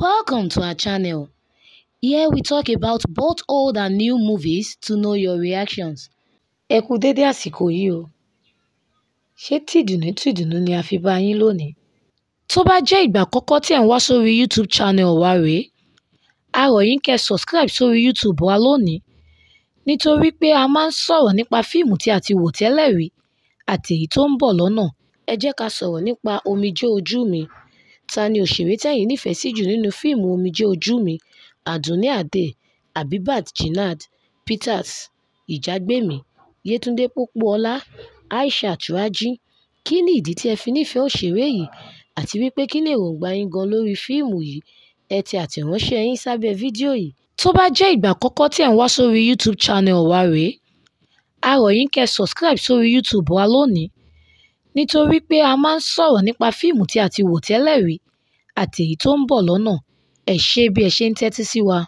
Welcome to our channel. Here we talk about both old and new movies to know your reactions. Ẹ kú dédé àsìkò yìí o. Ṣé tìdùnnú tìdùnnú ni a fi bá yín lónìí? Tó bá jẹ́ ìgbà àkọ́kọ́ tí ẹ̀ ń wá sórí YouTube channel wa rèé, a rọ̀ yín kẹ́ subscribe sórí YouTube wa lónìí nítorí pé a máa ń sọ̀rọ̀ nípa fíìmù tí a ti wò tẹ́lẹ̀ rí àti èyí tó ń bọ̀ lọ́nà. Ẹ jẹ́ ká sọ̀rọ̀ nípa Omijé Ojú Mi Ta ni òṣèré tẹ́yin nífẹ̀ẹ́ sí jù nínú fíìmù Omijé Ojú Mi? Àdúnní Adé, Habibat Jannat, Peters Ìjàgbémi, Yetunde Pópóọlá, Aisha Turaji. Kí ni ìdí tí ẹ fi nífẹ̀ẹ́ òṣèré yìí àti wípé kí ni èròńgbà yín gan lórí fíìmù yìí? Ẹ tẹ àtẹ̀ránṣẹ́ yín sábẹ́ fídíò yìí. Tó bá jẹ́ ìgbà àkọ́kọ́ tí ẹ̀ ń wá sórí YouTube channel wa rèé, a rọ̀ yín kẹ́ ẹ subscribe sórí YouTube wa lónìí, nítorí pé a máa ń sọ̀rọ̀ nípa fíìmù tí a ti wò tẹ́lẹ̀ rí àtèyí tó ń bọ̀ lọ́nà, ẹ ṣé bí ẹ ṣe ń tẹ́tí sí wa.